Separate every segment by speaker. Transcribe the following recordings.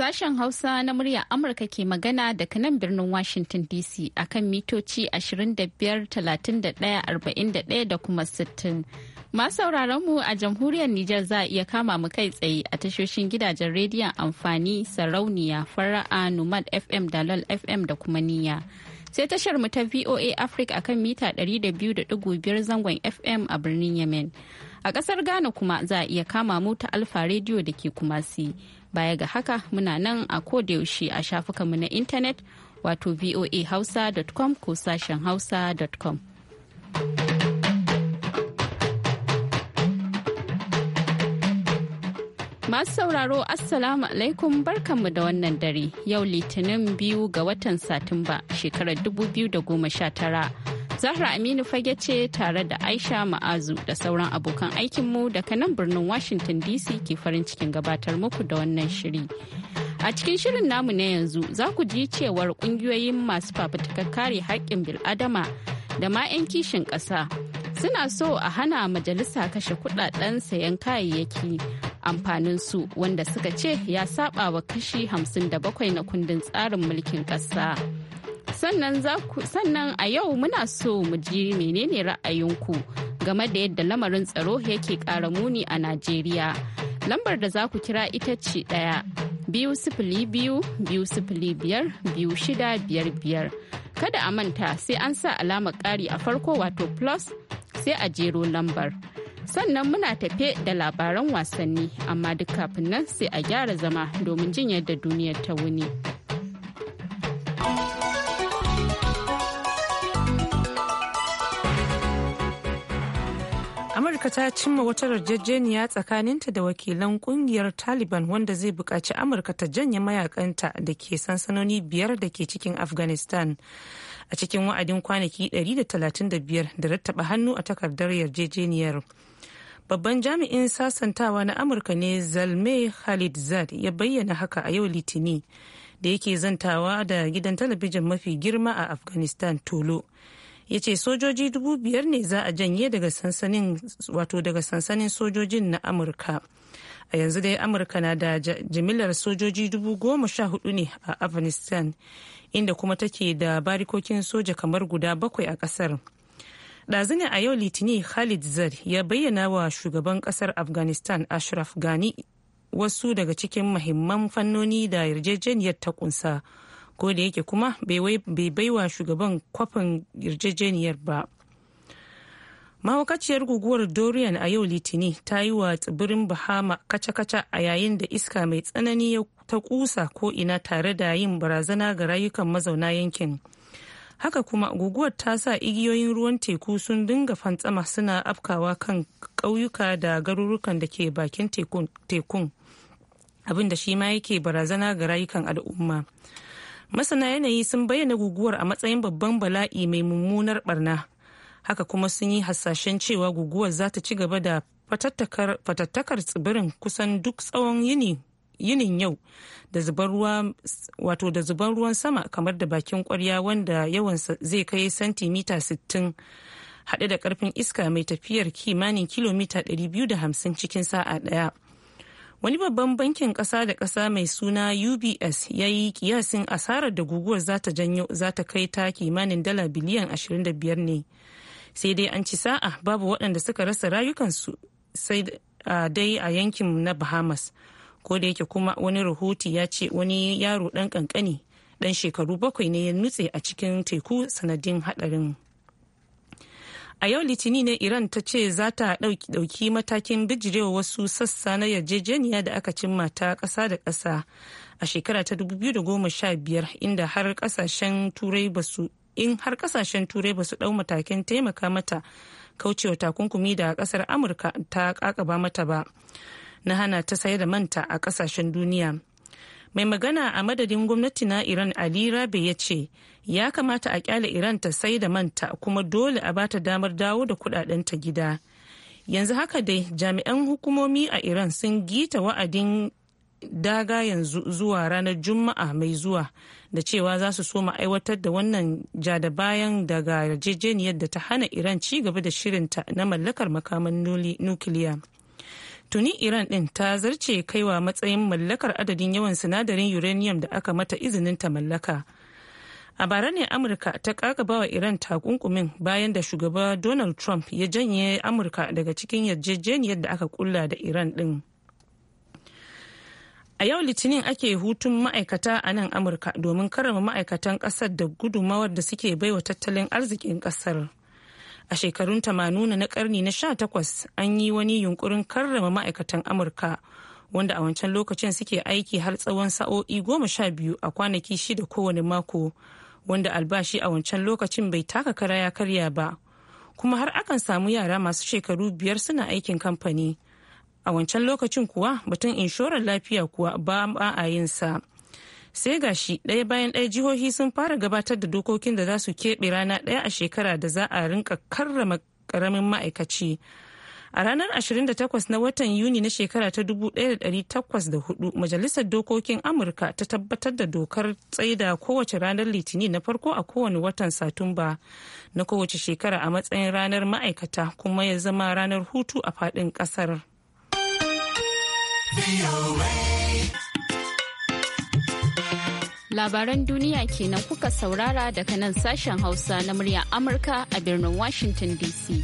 Speaker 1: Sashen Hausa na murya Amurka ke magana daga nan birnin Washington DC akan mitoci 25-31-41 da kuma 60. sauraron mu a jamhuriyar Nijar za a iya kama mu kai tsaye a tashoshin gidajen rediyon amfani sarauniya fara'a Numad FM dalal FM da kuma niya Sai tashar mu ta VOA Africa akan mita 200.5 zangon FM a birnin Yemen. A ƙasar Ghana kuma za a iya kama mu ta Alfa Radio da ke Kumasi. Baya ga haka muna nan a kodayaushe a shafukanmu na intanet wato voahausa.com ko sashen hausa.com. Masu sauraro Assalamu alaikum barkanmu da wannan dare yau litinin biyu ga watan Satumba shekarar 2019 Zahra Aminu fage ce tare da Aisha Ma'azu da sauran abokan aikinmu daga nan birnin Washington DC ke farin cikin gabatar muku da wannan shiri. A cikin shirin namu na yanzu za ku ji cewar kungiyoyin masu fafutukar kare haƙƙin bil'adama da ma 'yan kishin ƙasa suna so a hana majalisa kashe kudaden sayan kayayyaki amfanin su wanda suka ce ya saba wa kashi 57 na kundin tsarin mulkin ƙasa. sannan a yau muna so mu ji menene ra'ayinku game da yadda lamarin tsaro yake ƙara muni a najeriya lambar da za ku kira ita ce ɗaya biyu sifili biyu biyu sifili biyar biyu shida biyar biyar kada a manta sai an sa alamar ƙari a farko wato plus sai a jero lambar sannan muna tafe da labaran wasanni amma duk kafin nan sai a gyara zama domin jin yadda duniyar ta wuni.
Speaker 2: amurka ta cimma wata yarjejeniya tsakaninta da wakilan kungiyar taliban wanda zai buƙaci amurka ta janye mayakanta da ke sansanoni biyar da ke cikin afghanistan a cikin wa'adin kwanaki 135 da rattaba hannu a takardar yarjejeniyar babban jami'in sasantawa na amurka ne zalme khalid zad ya bayyana haka a yau litini da yake zantawa da gidan talabijin mafi girma a afghanistan tolo ya ce sojoji dubu biyar ne za a janye daga sansanin wato daga sansanin sojojin na amurka a yanzu dai amurka na da jimillar sojoji dubu goma sha hudu ne a afghanistan inda kuma take da barikokin soja kamar guda bakwai a kasar ɗazinin a yau litinin khalid zar ya bayyana wa shugaban kasar afghanistan ashraf ghani wasu daga cikin mahimman fannoni da yarjejeniyar ta kunsa. ko da yake kuma bai baiwa shugaban kwafin yarjejeniyar ba mahaukaciyar guguwar dorian a yau litini ta yi wa tsibirin bahama kaca-kaca a yayin da iska mai tsanani ta kusa ko'ina tare da yin barazana ga rayukan mazauna yankin haka kuma guguwar ta sa igiyoyin ruwan teku sun dinga fantsama suna afkawa kan ƙauyuka da garurukan da ke bakin tekun abinda shi ma yake barazana ga rayukan al'umma masana yanayi sun bayyana guguwar a matsayin babban bala'i mai mummunar barna haka kuma sun yi hasashen cewa guguwar za ta ci gaba da fatattakar tsibirin kusan duk tsawon yini yinin yau da zubar ruwan sama kamar da bakin kwarya wanda yawansa zai kai santimita 60 hade da karfin iska mai tafiyar kimanin kilomita 250 cikin sa'a ɗaya wani babban bankin kasa da kasa mai suna ubs ya yi kiyasin asarar da guguwar zata janyo zata kai ta kimanin dala biliyan 25 ne sai dai an ci sa'a babu waɗanda suka rasa rayukansu sai dai a yankin na bahamas ko da yake kuma wani rahoti ya ce wani yaro ɗan ƙanƙani ɗan shekaru bakwai ne ya nutse a cikin teku sanadin haɗarin. a yau litinin ne iran ta ce za ta ɗauki matakin bijirewa wasu sassa na yarjejeniya da aka cimma ta ƙasa da ƙasa a shekara ta 2015 inda har ƙasashen turai ba su in har kasashen turai ba su ɗau matakin taimaka mata kaucewa takunkumi da ƙasar amurka ta ƙaƙaba mata ba na hana ta sayar da manta a ƙasashen duniya mai magana a madadin gwamnati na iran ali rabe ya ce ya kamata a kyale iran ta sai da manta kuma dole a bata damar dawo da ta gida yanzu haka dai jami'an hukumomi a iran sun gita wa'adin daga yanzu zuwa ranar juma'a mai zuwa da cewa za su soma aiwatar da wannan jada bayan daga yarjejeniyar da ta hana iran ci gaba da shirinta na mallakar makaman nukiliya tuni iran din ta zarce kaiwa matsayin mallakar adadin yawan sinadarin uranium da aka mata izinin ta mallaka a bara ne amurka ta kakabawa iran takunkumin bayan da shugaba donald trump ya janye amurka daga cikin yarjejeniyar da aka kulla da iran din a yau litinin ake hutun ma'aikata a nan amurka domin karama ma'aikatan kasar da gudumawar da suke baiwa tattalin arzikin kasar a shekarun tamanuna na karni na sha takwas, an yi wani yunkurin karrama ma'aikatan amurka wanda a wancan lokacin suke aiki har tsawon sa'o'i goma sha biyu a kwanaki shida kowane mako wanda albashi a wancan lokacin bai taka kara ya karya ba kuma har akan samu yara masu shekaru biyar suna aikin kamfani a wancan lokacin kuwa batun inshorar lafiya kuwa ba a yin sa sai ga shi ɗaya bayan ɗaya jihohi sun fara gabatar da dokokin da za su keɓe rana ɗaya a shekara da za a rinka karrama ƙaramin ma'aikaci a ranar 28 na watan yuni na shekara ta 1804 majalisar dokokin amurka ta tabbatar da dokar tsaida kowace ranar litinin na farko a kowane watan satumba na kowace shekara a matsayin ranar ma'aikata kuma ya zama ranar hutu a faɗin ƙasar.
Speaker 1: Labaran duniya kenan kuka saurara daga nan sashen Hausa na murya Amurka a birnin Washington DC.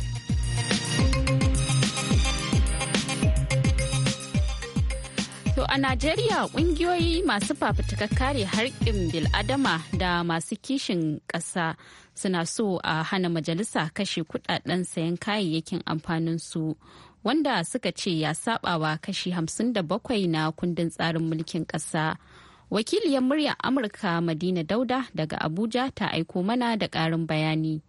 Speaker 1: To a Najeriya kungiyoyi masu fafutukar kare harkin bil'adama da masu kishin ƙasa suna so a hana majalisa kashe kudaden sayan kayayyakin amfanin su wanda suka ce ya sabawa kashi 57 na kundin tsarin mulkin ƙasa. wakiliyar murya amurka madina dauda daga abuja ta aiko mana da ƙarin bayani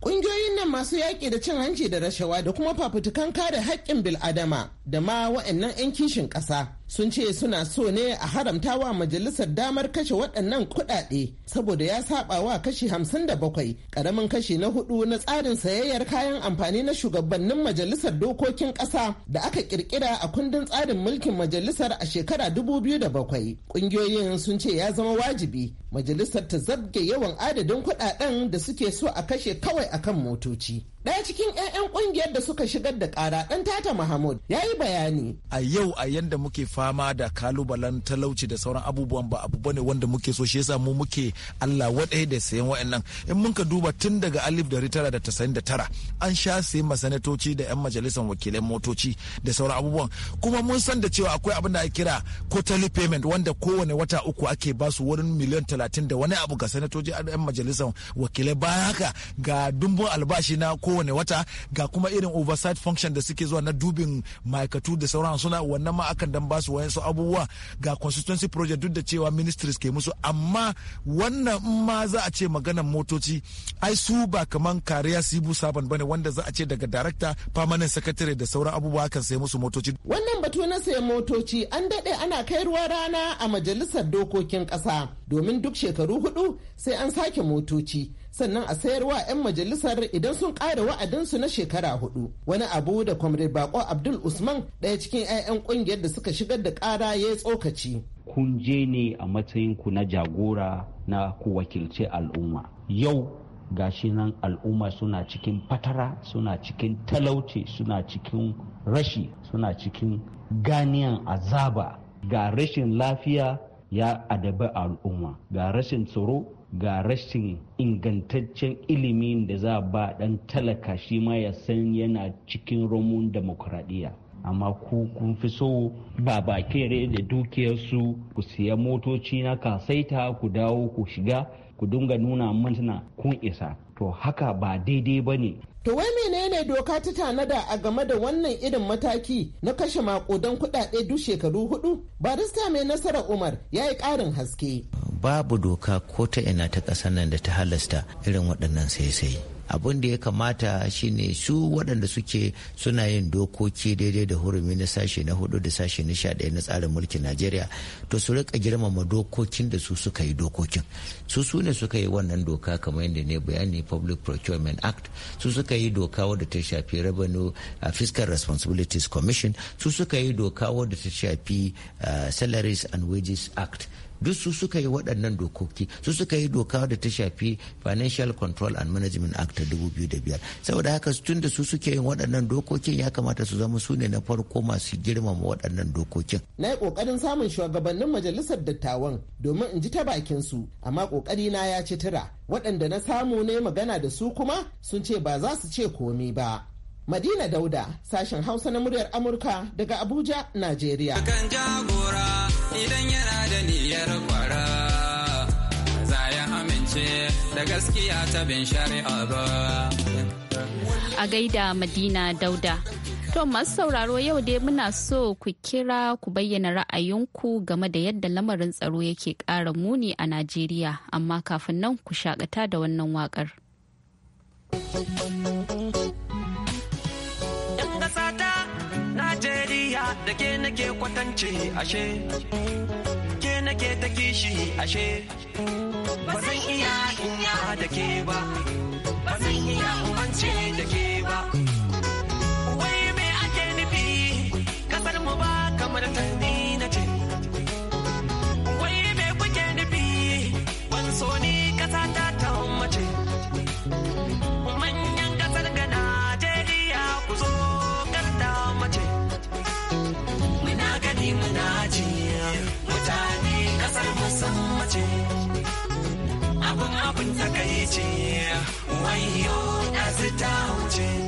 Speaker 1: Ƙungiyoyin nan masu yaƙi da cin
Speaker 3: hanci da rashawa da kuma fafutukan kare haƙƙin bil'adama da ma wa'annan 'yan kishin ƙasa sun ce suna so ne a haramta wa majalisar damar kashe waɗannan kuɗaɗe saboda ya saba wa kashi 57 ƙaramin kashi na hudu na tsarin sayayyar kayan amfani na shugabannin majalisar dokokin ƙasa da aka ƙirƙira a kundin tsarin mulkin majalisar a shekara 2007 ƙungiyoyin sun ce ya zama wajibi majalisar ta zabge yawan adadin kuɗaɗen da suke so a kashe kawai akan motoci. Daya cikin 'ya'yan kungiyar da suka shigar da kara ɗan tata Mahmud ya yi bayani. A yau a yanda muke fama da kalubalen talauci da sauran abubuwan ba abu bane wanda muke so shi yasa mu muke Allah wadai da sayan wa'annan. In mun ka duba tun daga alif da ritara da tasa'in da tara an sha sayan masanatoci da 'yan majalisar wakilan motoci da sauran abubuwan. Kuma mun san da cewa akwai abin da ake kira quarterly payment wanda kowane wata uku ake ba su wurin miliyan talatin da wani abu ga sanatoci 'yan majalisar wakilai bayan haka ga dumbun albashi na kowane wata ga kuma irin oversight function da suke zuwa na dubin ma'aikatu da sauran suna wannan ma akan dan basu wayansu abubuwa ga constituency project duk da cewa ministries ke musu amma wannan in ma za a ce maganan motoci ai su ba kaman kariya sibu saban bane wanda za a ce daga director permanent secretary da sauran abubuwa kan sai musu motoci wannan batu na sayan motoci an dade ana kai ruwa rana a majalisar dokokin kasa domin duk shekaru hudu sai an sake motoci sannan a sayarwa 'yan majalisar idan sun ƙara wa'adinsu na shekara hudu wani abu da kwamre bako abdul usman ɗaya cikin 'ya'yan ƙungiyar da suka shigar da ƙara ya yi tsokaci
Speaker 4: kun je ne a matsayin ku na jagora na ku wakilce al'umma yau gashi nan al'umma suna cikin fatara suna cikin talauci suna cikin rashi suna cikin ganiyan azaba ga rashin lafiya ya adabi al'umma ga rashin tsoro. ga rashin ingantaccen ilimin da za ba dan talaka shi ma ya san yana cikin romun demokuraɗiyya amma ku kun fi so ba bakere da dukiyarsu ku siya motoci na kasaita ku dawo ku shiga ku dinga nuna mantana kun isa to haka ba daidai ba ne
Speaker 3: To wai menene doka ta tanada a game da wannan irin mataki na kashe makudan kudade duk shekaru hudu? Barista mai nasara Umar ya yi ƙarin haske.
Speaker 5: babu doka ko ta ina ta ƙasar nan da ta halasta irin waɗannan sai-sai abin da ya kamata shine su waɗanda suke suna yin dokoki daidai da hurumi na sashe na hudu da sashe na sha ɗaya na tsarin mulkin najeriya to su rika girmama dokokin da su suka yi dokokin su su ne suka yi wannan doka kamar yadda ne bayani public procurement act su suka yi doka wadda ta shafi revenue uh, fiscal responsibilities commission su suka yi doka wadda ta shafi uh, salaries and wages act duk su suka yi waɗannan dokoki su suka yi doka da ta shafi financial control and management act 2005 saboda haka tun da su suke yin waɗannan dokokin ya kamata su zama su ne na farko masu girmama waɗannan dokokin na
Speaker 3: yi ƙoƙarin samun shugabannin majalisar dattawan domin in ji ta bakin su amma ƙoƙari na ya ci tura waɗanda na samu ne magana da su kuma sun ce ba za su ce komai ba Madina Dauda, sashen Hausa na muryar Amurka daga Abuja, Najeriya.
Speaker 1: jagora A gaida Madina Dauda. To masu sauraro yau dai muna so ku kira ku bayyana ra'ayinku game da yadda lamarin tsaro yake ƙara muni a Najeriya, amma kafin nan ku shakata da wannan waƙar.
Speaker 6: da ke nake kwatance ashe ke nake ta kishi ashe ba zan iya inya da ke ba ba zan iya umance da ke ba wai me ake nufi kasar mu ba kamar tani ce wayo na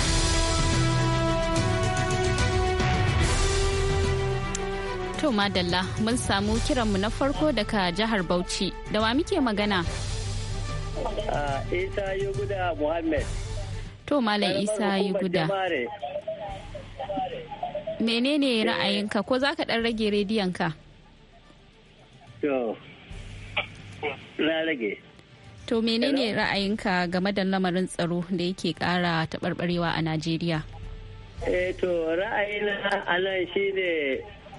Speaker 1: To Madalla mun samu kiranmu na farko daga jihar Bauchi. Da wa muke magana?
Speaker 7: Ah, Isa Yuguda Muhammad.
Speaker 1: To Malam Isa Yuguda. Menene ra'ayinka ko za ka ɗan rage rediyonka?
Speaker 7: To, na rage.
Speaker 1: To menene ra'ayinka game da lamarin tsaro da yake ƙara taɓarɓarewa a Najeriya?
Speaker 7: Eh to ra'ayina shi ne.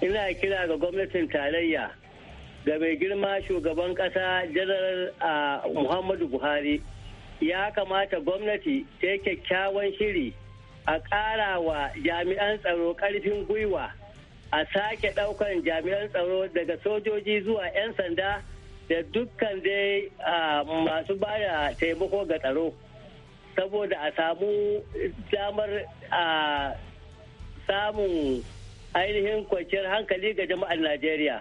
Speaker 7: ina kira ga gwamnatin tarayya ga mai girma shugaban kasa janar muhammadu buhari ya kamata gwamnati ta yi kyakkyawan shiri a ƙara wa jami'an tsaro ƙarfin gwiwa a sake ɗaukan jami'an tsaro daga sojoji zuwa 'yan sanda da dukkan dai masu bada taimako ga tsaro saboda a samu damar samun ainihin kwanciyar hankali ga jama'ar najeriya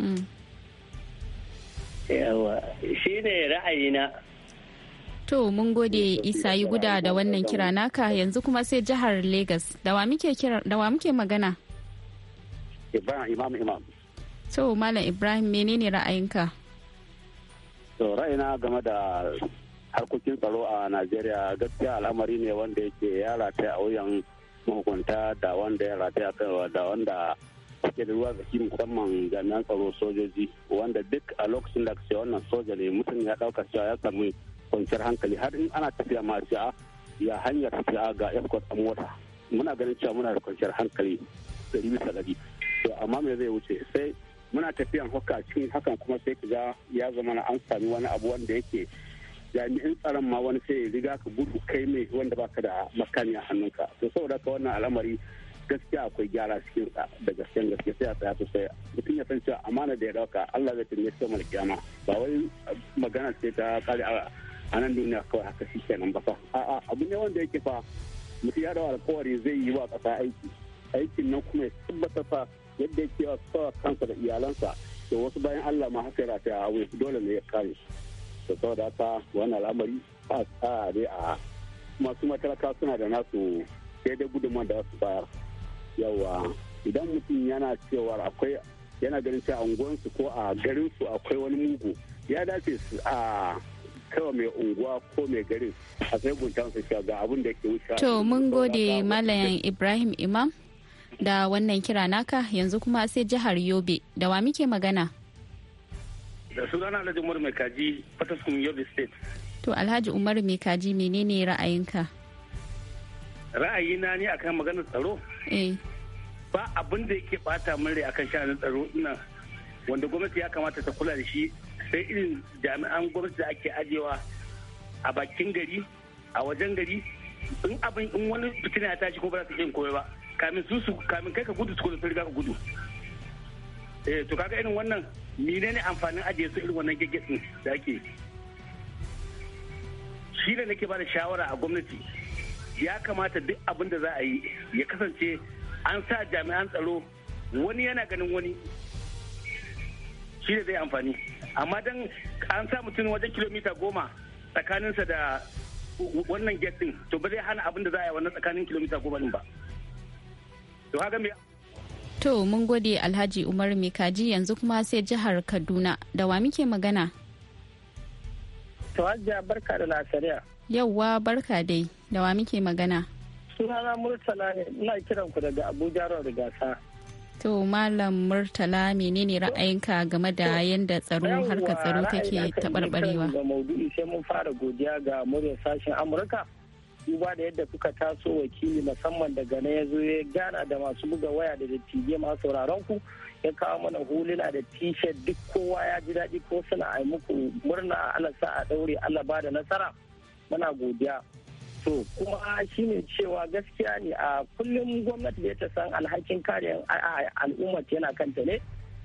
Speaker 7: mm. yawa shi ne ra'ayina
Speaker 1: to mun gode isa yi guda da wannan kira naka yanzu kuma sai jihar Legas da wa muke magana
Speaker 4: ibrahim imam imam
Speaker 1: to malam ibrahim menene ra'ayinka
Speaker 4: to ra'ayina game da harkokin tsaro a najeriya gaskiya al'amari ne wanda yake yalata a wuyan mahukunta da wanda ya rataya da wanda suke da ruwa zaki musamman jami'an tsaro sojoji wanda duk a lokacin da ce wannan soja ne mutum ya dauka cewa ya samu kwanciyar hankali har in ana tafiya ma cewa ya hanyar tafiya ga escort a mota muna ganin cewa muna da kwanciyar hankali dari bisa dari to amma me zai wuce sai muna tafiyan haka cikin hakan kuma sai ka ga ya zama na an sami wani abu wanda yake jami'in tsaron ma wani sai riga ka gudu kai mai wanda baka da makami a hannunka to saboda ka wannan al'amari gaskiya akwai gyara cikin da gaskiyan gaske sai a tsaya sosai mutum ya san cewa amana da ya dauka Allah zai tunye sai malkiyama ba wai magana sai ta kare a nan duniya kawai haka shi kenan ba fa a'a abu ne wanda yake fa mutum ya dawo alkawari zai yi wa kasa aiki aikin nan kuma ya tabbatar fa yadda yake wa kansa da iyalansa to wasu bayan Allah ma haka ya rataya a dole ne ya kare da saboda haka wannan al'amari ba a dai a masu matalaka suna da nasu daidai gudunmawar da su bayar yawa idan mutum yana cewa akwai yana ganin cewa unguwansu ko a garinsu akwai wani mugu ya dace su a kawo mai unguwa ko mai garin a sai su cewa ga abin da ke wuce to mun
Speaker 1: gode malayan ibrahim imam da wannan kira naka yanzu kuma sai jihar yobe da wa muke magana
Speaker 4: da sunana alhaji umar mai kaji fataskum yobe state
Speaker 1: to alhaji umar mai kaji menene ra'ayinka
Speaker 4: ra'ayina ne akan maganar tsaro eh. ba abin da yake bata min rai akan sha'anin tsaro ina wanda gwamnati ya kamata ta kula da shi sai irin jami'an gwamnati da ake ajewa a bakin gari a wajen gari in abin in wani fitina ya tashi ko ba za su jin koyo ba kamin su kamin kai ka gudu su kuma riga ka gudu eh to kaga irin wannan mine ne amfanin ajiye su irin wannan din da ake shi ne nake ba da shawara a gwamnati ya kamata duk abin da za a yi ya kasance an sa jami'an tsaro wani yana ganin wani shi ne zai amfani amma dan an sa mutum wajen kilomita goma tsakaninsa da wannan gate din to ba zai hana abin da za a yi wannan tsakanin kilomita goma din ba to haka me
Speaker 1: To mun gode Alhaji Umar Mekaji yanzu kuma sai jihar Kaduna da wa muke magana?
Speaker 7: To barka da lasariya.
Speaker 1: Yauwa barka dai da wa muke magana?
Speaker 7: Sunana Murtala ne ina kiran ku daga Abuja da gasa.
Speaker 1: To Malam Murtala menene ra'ayinka game da yadda tsaro harkar tsaro take taɓarɓarewa? Yauwa ra'ayi na kan
Speaker 7: maudu'i sai mun fara godiya ga muryar sashen Amurka. duba da yadda kuka taso wakili musamman daga na ya zo ya gana da masu buga waya da dattijai masu sauraron ku ya kawo mana huluna da t duk kowa ya ji daɗi ko suna a muku murna ana sa a ɗaure Allah ba da nasara muna godiya to kuma shi ne cewa gaskiya ne a kullum gwamnati da ta san alhakin kare al'ummar yana kanta ne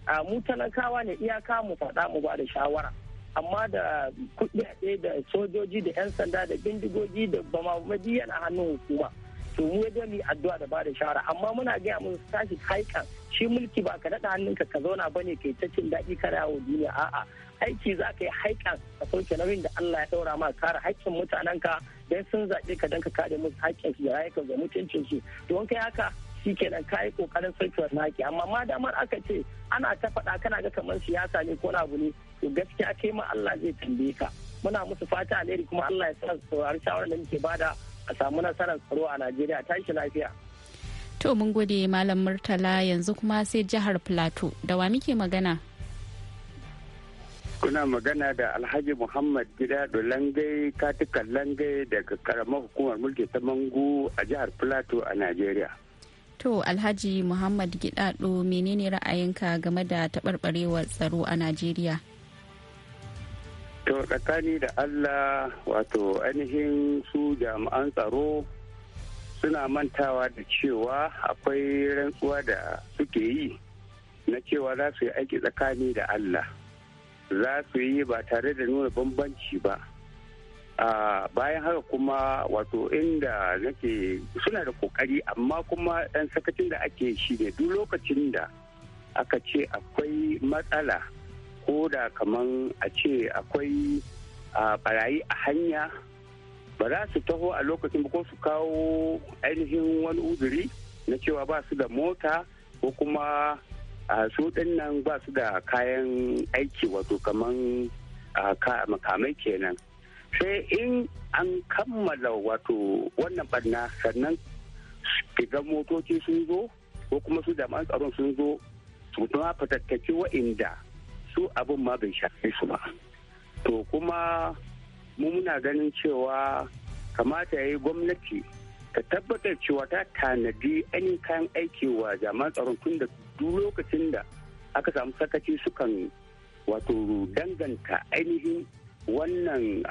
Speaker 7: a mu talakawa ne iyaka mu faɗa mu ba da shawara amma da kuɗi da sojoji da 'yan sanda da bindigogi da bamamadi yana hannun hukuma to mu ya mi addu'a da bada shawara amma muna gaya musu tashi haikan shi mulki ba ka daɗa hannunka ka zauna ba ne kai ta cin daɗi kana yawo duniya a'a aiki za ka yi haikan ka sauke nauyin da Allah ya ɗaura ma kare haƙƙin ka don sun zaɓe ka don ka kare musu haƙƙin su da rayukan da mutuncin su don kai haka shi kenan ka yi ƙoƙarin sauke wannan haƙƙi amma ma damar aka ce ana ta faɗa kana ga kamar siyasa ne ko na abu ne to gaskiya kai ma Allah zai tambaye ka muna musu fata alheri kuma Allah ya sa saurari shawarar da muke bada a samu nasarar tsaro a Najeriya tashi lafiya
Speaker 1: to mun gode malam Murtala yanzu kuma sai jihar Plateau da wa muke magana
Speaker 4: kuna magana da alhaji muhammad gidado langai katukan langai daga karamar hukumar mulki ta mangu a jihar plateau a nigeria
Speaker 1: to alhaji muhammad gidado menene ra'ayinka game da taɓarɓarewar tsaro a nigeria
Speaker 4: To tsakani da Allah wato ainihin su jami'an tsaro suna mantawa da cewa akwai rantsuwa da suke yi na cewa za su yi aiki tsakani da Allah za su yi ba tare da nuna bambanci ba. bayan haka kuma wato inda nake suna da kokari amma kuma ɗan sakacin da ake shi ne duk lokacin da aka ce akwai matsala ko da kaman a ce akwai barayi a hanya ba za su taho a lokacin ba ko su kawo ainihin wani uzuri na cewa ba su da mota ko kuma su nan ba su da kayan aiki wato kaman makamai kenan sai in an kammala wato wannan barna sannan idan motoci sun zo ko kuma su jama'an tsaron sun zo su ma fatattaki wa'inda su abin ma bai shafe su ba to kuma mu muna ganin cewa kamata ya yi gwamnati ta tabbatar cewa ta tanadi ainihin kayan aiki wa jami'an tsaron tun da duk lokacin da aka samu sakaci sukan wato danganta ainihin wannan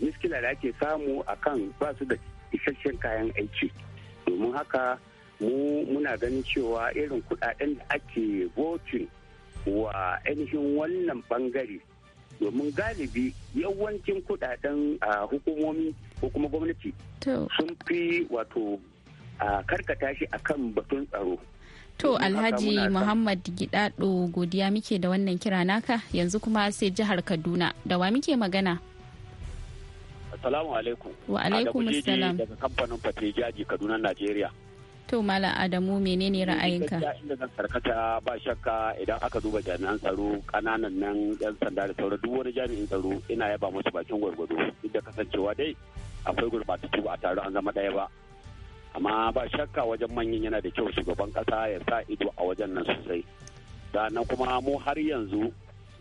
Speaker 4: miskila da ake samu akan kan ba su da isasshen kayan aiki domin haka mu muna ganin cewa irin kudaden da ake voting wa ainihin wannan bangare domin galibi yawancin kudaden hukumomi ko kuma gwamnati sun fi wato karkata shi akan batun tsaro
Speaker 1: To Alhaji Muhammad Gidado godiya muke da wannan kira naka yanzu kuma sai jihar Kaduna da wa muke magana?
Speaker 4: Assalamu alaikum. Wa alaikum assalam. Daga kamfanin Fate Kaduna Najeriya.
Speaker 1: To Malam Adamu menene ra'ayinka? Inda
Speaker 4: zan karkata ba shakka idan aka duba jami'an tsaro kananan nan yan sanda da sauran duk wani jami'in tsaro ina yaba musu bakin gwargwado duk da kasancewa dai akwai gurbatattu ba a taro an zama daya ba. Amma ba shakka wajen manyan yana da kyau shugaban kasa ya sa ido a wajen nan sosai. Sannan kuma mu har yanzu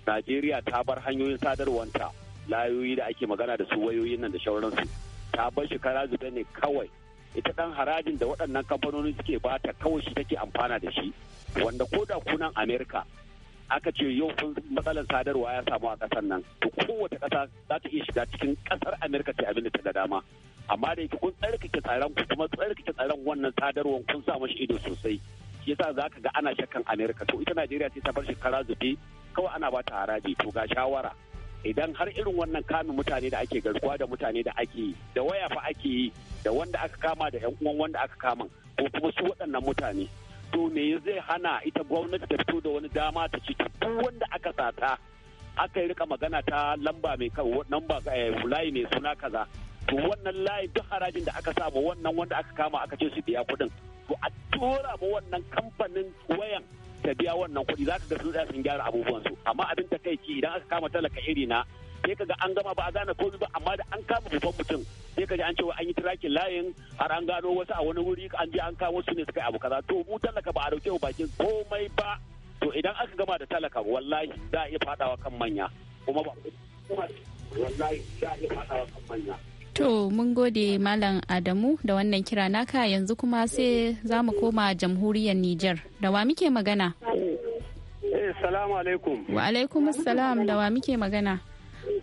Speaker 4: Najeriya ta bar hanyoyin sadarwanta layoyi da ake magana da su wayoyin nan da shauransu ta bar shi kara zube ne kawai ita dan harajin da waɗannan kamfanoni suke bata kawai shi take amfana da shi wanda ko da kunan amerika aka ce yau kun matsalar sadarwa ya samu a ƙasar nan to kowace ƙasa za ta iya shiga cikin ƙasar amerika ta abin da ta ga dama amma da yake kun tsarkake tsaron ku kuma tsarkake tsaron wannan sadarwar kun sa mashi ido sosai shi yasa za ka ga ana shakkan amerika to ita najeriya sai ta bar shekara zube kawai ana ba ta haraji to ga shawara idan har irin wannan kamin mutane da ake garkuwa da mutane da ake yi da waya fa ake yi da wanda aka kama da yan uwan wanda aka kama ko kuma su waɗannan mutane to me zai hana ita gwamnati ta fito da wani dama ta ci duk wanda aka sata aka yi rika magana ta lamba mai kai lamba eh, layi mai suna kaza to wannan layi duk harajin da aka samu wannan wanda aka kama aka ce su biya kuɗin to a tura ma wannan kamfanin wayan ta biya wannan kuɗi za ka ga sun sun gyara abubuwan su amma abin ta kai ki idan aka kama talaka iri na sai ka ga an gama ba a gane komai ba amma da an kama babban mutum sai ka ji an cewa an yi tirakin layin har an gano wasu a wani wuri an je an kawo wasu ne suka yi abu kaza to mu talaka ba a dauke bakin komai ba to idan aka gama da talaka wallahi za a iya fadawa kan manya kuma ba wallahi za a iya fadawa kan manya
Speaker 1: To mun gode Malam Adamu da wannan kira naka yanzu kuma sai za mu koma jamhuriyar Nijar. Da wa muke magana?
Speaker 4: Eh, salamu alaikum. Wa
Speaker 1: alaikum salam da wa muke magana?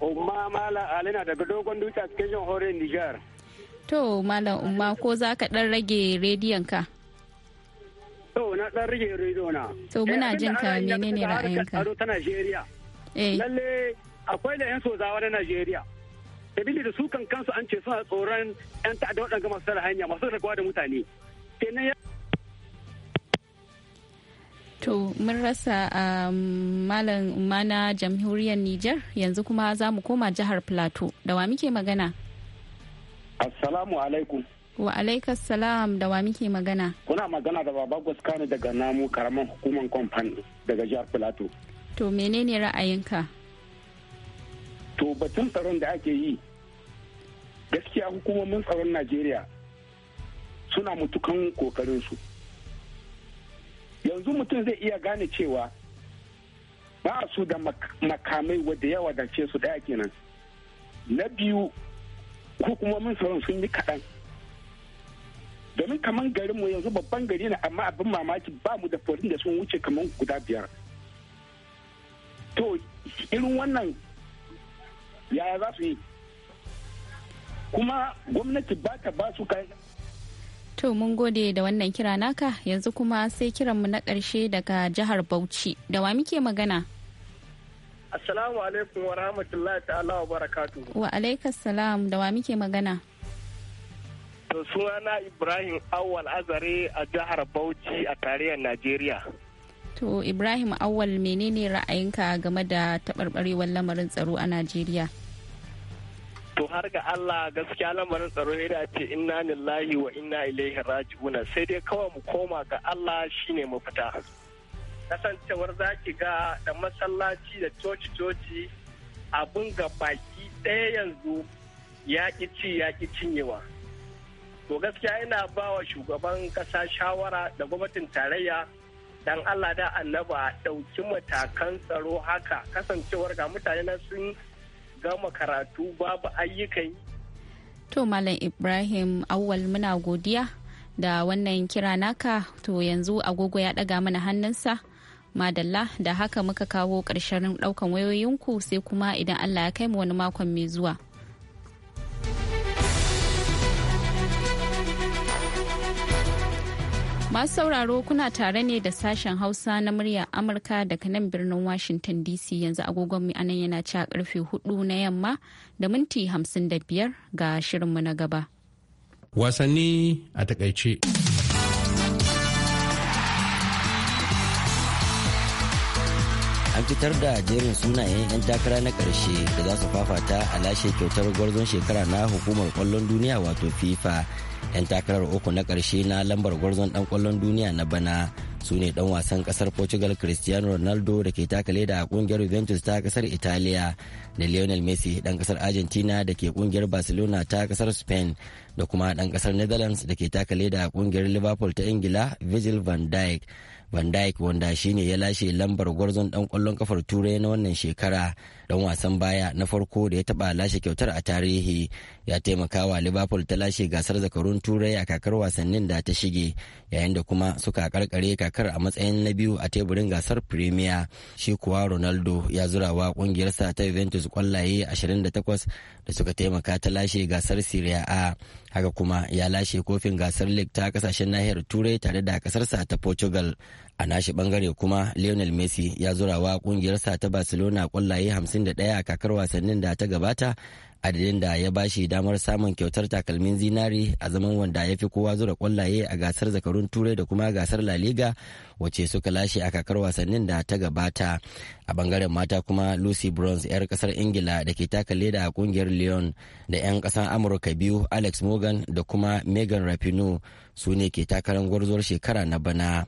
Speaker 4: Umma Malam Alina daga dogon dutse a cikin jamhuriyar Nijar.
Speaker 1: To Malam Umma ko za ka ɗan rage rediyon ka?
Speaker 4: To na ɗan rage rediyon na. To eh, muna jin ka menene ra'ayinka? Eh. Lalle akwai da 'yan sozawa na Najeriya. sabili da su kan kansu an ce suna tsoron yan ta'adda waɗanda masu tara hanya masu rakawa da mutane
Speaker 1: To mun rasa um, malam mana jamhuriyar Nijar yanzu kuma za mu koma jihar Plateau da wa muke magana?
Speaker 4: Assalamu alaikum.
Speaker 1: Wa alaikas salam da wa muke magana?
Speaker 4: Kuna magana da Baba Gwaskani daga namu karaman hukumar kwamfani daga jihar Plateau.
Speaker 1: To menene ra'ayinka?
Speaker 4: To batun tsaron da ake yi gaskiya hukumomin tsaron najeriya suna mutukan kokarinsu yanzu mutum zai iya gane cewa ba su da makamai wadda ya wadace su daya kenan na biyu hukumomin tsaron sun yi kaɗan domin kamar garinmu yanzu babban gari ne amma abin mamaki ba mu da forin da sun wuce kamar guda biyar to irin wannan yaya za su yi kuma gwamnati ba ta ba su kai.
Speaker 1: To mun gode da wannan kira naka yanzu kuma sai kiranmu na ƙarshe daga jihar Bauchi da wa muke magana?
Speaker 4: Assalamu alaikum wa rahmatullahi ta'ala wa barakatu. Wa
Speaker 1: alaikas salam da wa muke magana?
Speaker 4: To sunana Ibrahim Awal Azare a jihar Bauchi a tarayyar Najeriya.
Speaker 1: To Ibrahim Awal menene ra'ayinka game da taɓarɓarewar lamarin tsaro a Najeriya?
Speaker 4: to har ga Allah gaskiya lamarin tsaro ne da ce inna lillahi wa inna ilaihi raji'una sai dai kawai mu koma ga Allah shine mafita kasancewar zaki ga da masallaci da coci coci abun ga baki ɗaya yanzu ya ci ya cinyewa to gaskiya ina ba wa shugaban kasa shawara da gwamnatin tarayya dan Allah da annaba ɗauki matakan tsaro haka kasancewar ga mutane na sun gama karatu babu ayyukan yi
Speaker 1: to malam ibrahim awwal muna godiya da wannan kira naka to yanzu agogo ya ɗaga mana hannunsa madalla da haka muka kawo ƙarshen ɗaukan wayoyinku sai kuma idan allah ya kai mu wani makon mai zuwa Masu sauraro kuna tare ne da sashen Hausa na murya Amurka daga nan birnin Washington DC yanzu agogon mu anan yana ci a karfe 4 na yamma da minti 55 ga shirinmu na gaba.
Speaker 4: Wasanni a takaice.
Speaker 5: an fitar da jerin sunayen 'yan takara na ƙarshe da za su fafata a lashe kyautar gwarzon shekara na hukumar kwallon duniya wato fifa 'yan takarar uku na ƙarshe na lambar gwarzon ɗan kwallon duniya na bana su ne ɗan wasan ƙasar portugal cristiano ronaldo da ke takale da ƙungiyar juventus ta ƙasar italiya da lionel messi ɗan ƙasar argentina da ke ƙungiyar barcelona ta ƙasar spain da kuma ɗan ƙasar netherlands da ke takale da ƙungiyar liverpool ta ingila virgil van dijk Van dyke wanda shine ya lashe lambar gwarzon dan kwallon kafar turai na wannan shekara dan wasan baya na farko da ya taba lashe kyautar a tarihi ya taimaka wa Liverpool ta lashe gasar zakarun turai a kakar wasannin da ta shige yayin da kuma suka karkare kakar a matsayin na biyu a teburin gasar Premier shi kuwa Ronaldo ya zura wa kungiyarsa ta Juventus kwallaye 28 da suka taimaka ta lashe gasar Serie A haka kuma ya lashe kofin gasar League ta kasashen nahiyar Turai tare da kasarsa ta Portugal a nashi bangare kuma lionel messi ya zurawa kungiyarsa ta barcelona kwallaye 51 a kakar wasannin da ta gabata adadin da ya bashi damar samun kyautar takalmin zinari a zaman wanda ya fi kowa zura kwallaye a gasar zakarun turai da kuma gasar la liga wacce suka lashe a kakar wasannin da ta gabata a bangaren mata kuma lucy bronze 'yar kasar ingila da ke taka leda a kungiyar leon da 'yan kasar amurka biyu alex morgan da kuma megan rapinoe su ne ke takarar gwarzuwar shekara na bana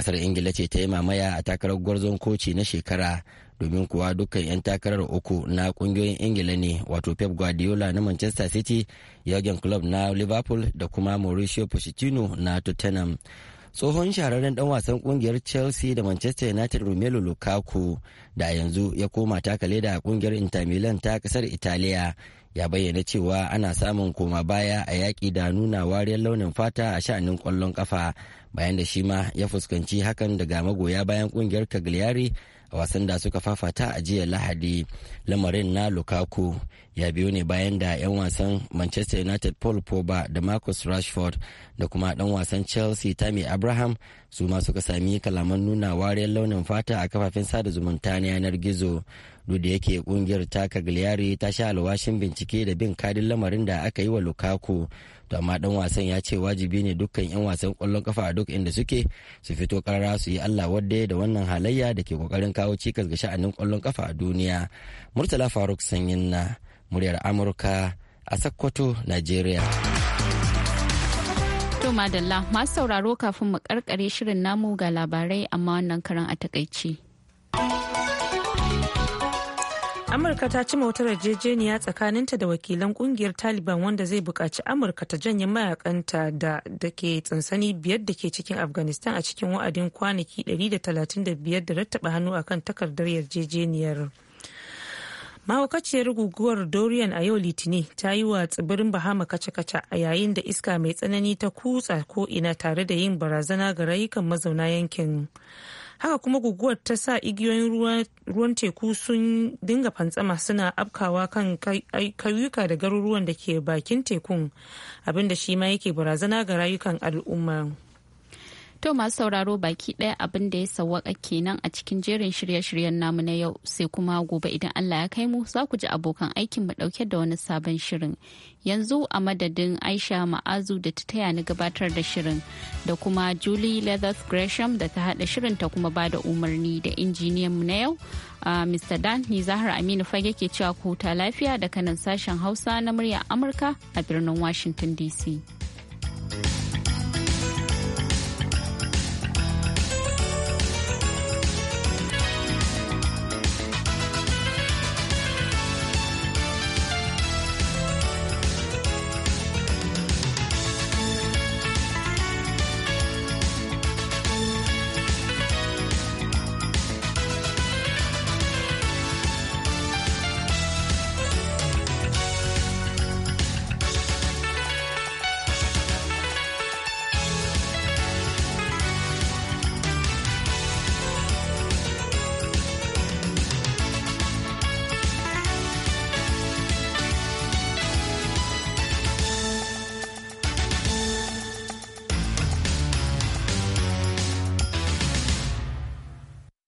Speaker 5: kasar ingila ce ta yi mamaya a takarar gwarzon koci na shekara domin kuwa dukkan 'yan takarar uku na kungiyoyin ingila ne wato pep guardiola na manchester city yagen club na liverpool da kuma mauricio pochettino na tottenham tsohon shahararren dan wasan kungiyar chelsea da manchester united romelu lukaku da yanzu ya koma takale da a kungiyar inter milan ta kasar italiya ya bayyana cewa ana samun koma baya a yaƙi da nuna wariyar launin fata a sha'anin kwallon ƙafa bayan da shi ma ya fuskanci hakan daga magoya bayan ƙungiyar Cagliari a wasan da suka fafata a jiya lahadi lamarin na lukaku ya biyu ne bayan da 'yan wasan manchester united paul pogba da marcus rashford da kuma dan wasan chelsea tammy abraham su ma suka sami kalaman nuna wariyar launin fata a kafafen sada zumunta na yanar gizo duk da yake kungiyar taka gliari ta sha alwashin bincike da bin kadin lamarin da aka yi wa lukaku to amma dan wasan ya ce wajibi ne dukkan 'yan wasan kwallon kafa a duk inda suke su fito karara su yi Allah wadda da wannan halayya da ke kokarin kawo cikas ga sha'anin kwallon kafa a duniya Murtala Faruk Sanyin na muryar Amurka a Sokoto Nigeria
Speaker 1: To madalla masu sauraro kafin mu karkare shirin namu ga labarai amma wannan karan a takaici.
Speaker 2: amurka ta cima wata yarjejeniya tsakaninta da wakilan kungiyar taliban wanda zai buƙaci amurka ta janye mayakanta da da ke tsansani biyar da ke cikin afghanistan a cikin wa'adin kwanaki 135 da rattaba hannu akan takardar yarjejeniyar mahaukaciyar guguwar dorian a yau litini ta yi wa tsibirin bahama kace-kace a yayin da iska mai tsanani ta kutsa ko ina tare da yin barazana ga rayukan mazauna yankin haka kuma guguwar ta sa igiyoyin ruwan teku sun dinga fantsama suna afkawa kan kayuka da garuruwan da ke bakin tekun abinda shi ma yake barazana ga rayukan al'umma.
Speaker 1: To masu sauraro baki ɗaya abin da ya sawwaka kenan a cikin jerin shirye-shiryen namu na yau sai kuma gobe idan Allah ya kai mu za ku ji abokan aikin mu ɗauke da wani sabon shirin. Yanzu a madadin Aisha Ma'azu da ta taya ni gabatar da shirin da kuma Julie Leathers Gresham da ta haɗa shirin ta kuma ba da umarni da injiniyan mu na yau. Mr. Dan ni Zahra Aminu Fage ke cewa ku huta lafiya da kanan sashen Hausa na murya Amurka a birnin Washington DC.